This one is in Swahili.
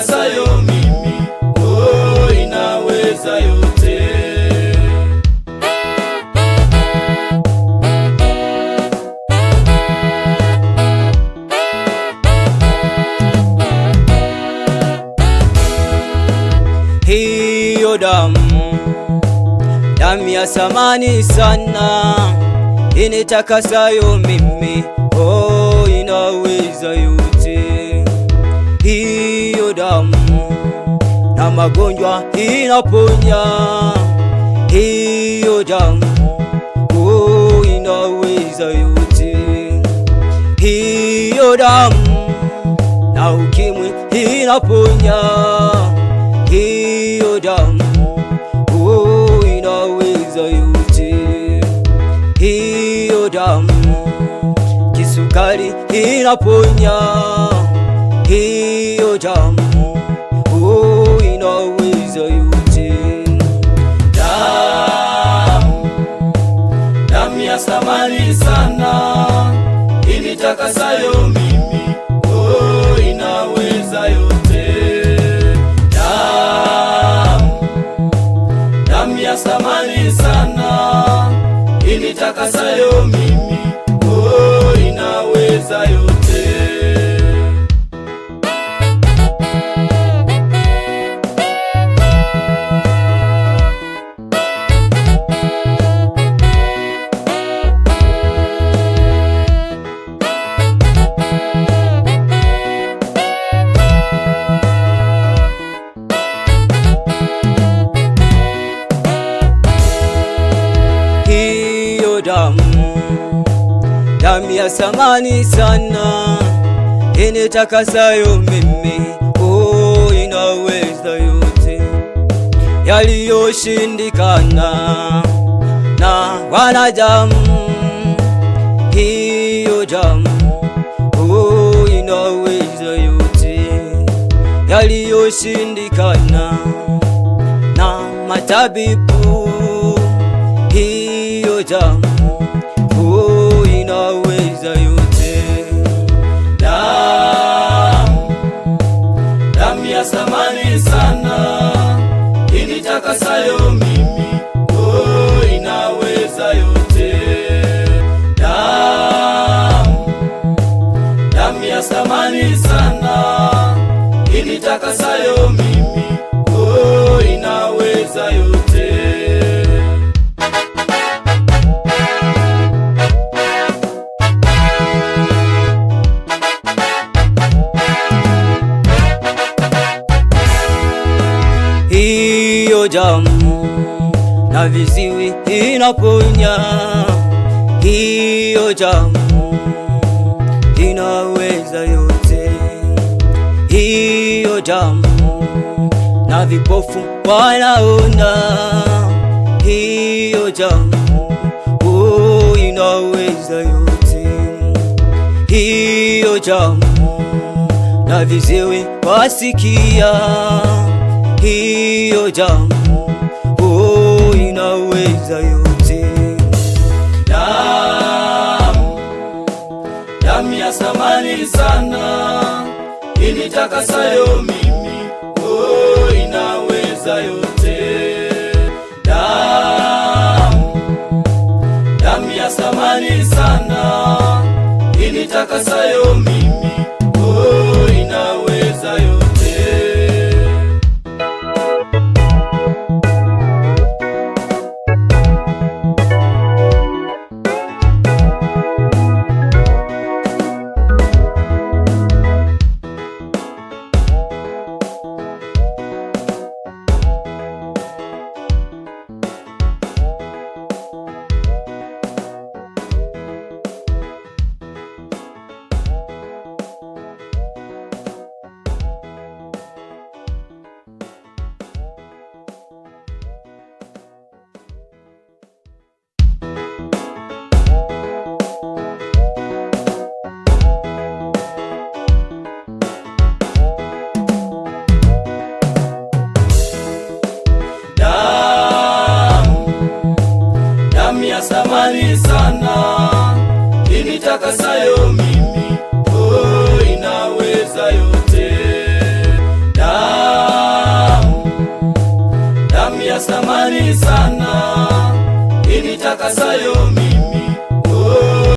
nijasayo mimi, oh, inaweza yote. Hiyo damu, damu ya thamani sana, initakasayo mimi oh. magonjwa inaponya, hiyo damu oh, inaweza yote, hiyo damu na ukimwi inaponya, hiyo damu oh, inaweza yote, hiyo damu kisukari inaponya kasayomi ya samani sana initakasayo mimi, oh, inaweza yote yaliyoshindikana na wanadamu. Hiyo damu, oh, inaweza yote yaliyoshindikana na matabibu. Hiyo damu ya thamani sana initakasayo mimi, oh, inaweza yote. Damu, damu ya samani sana initakasayo hiyo jamu na viziwi inaponya hiyo jamu inaweza yote hiyo jamu na vipofu wanaona hiyo jamu oh, inaweza yote hiyo jamu na viziwi wasikia hiyo damu oh, inaweza yote. Damu, damu ya thamani sana initakasayo mimi oh, inaweza yote. Damu, damu ya thamani sana initakasayo mimi sayo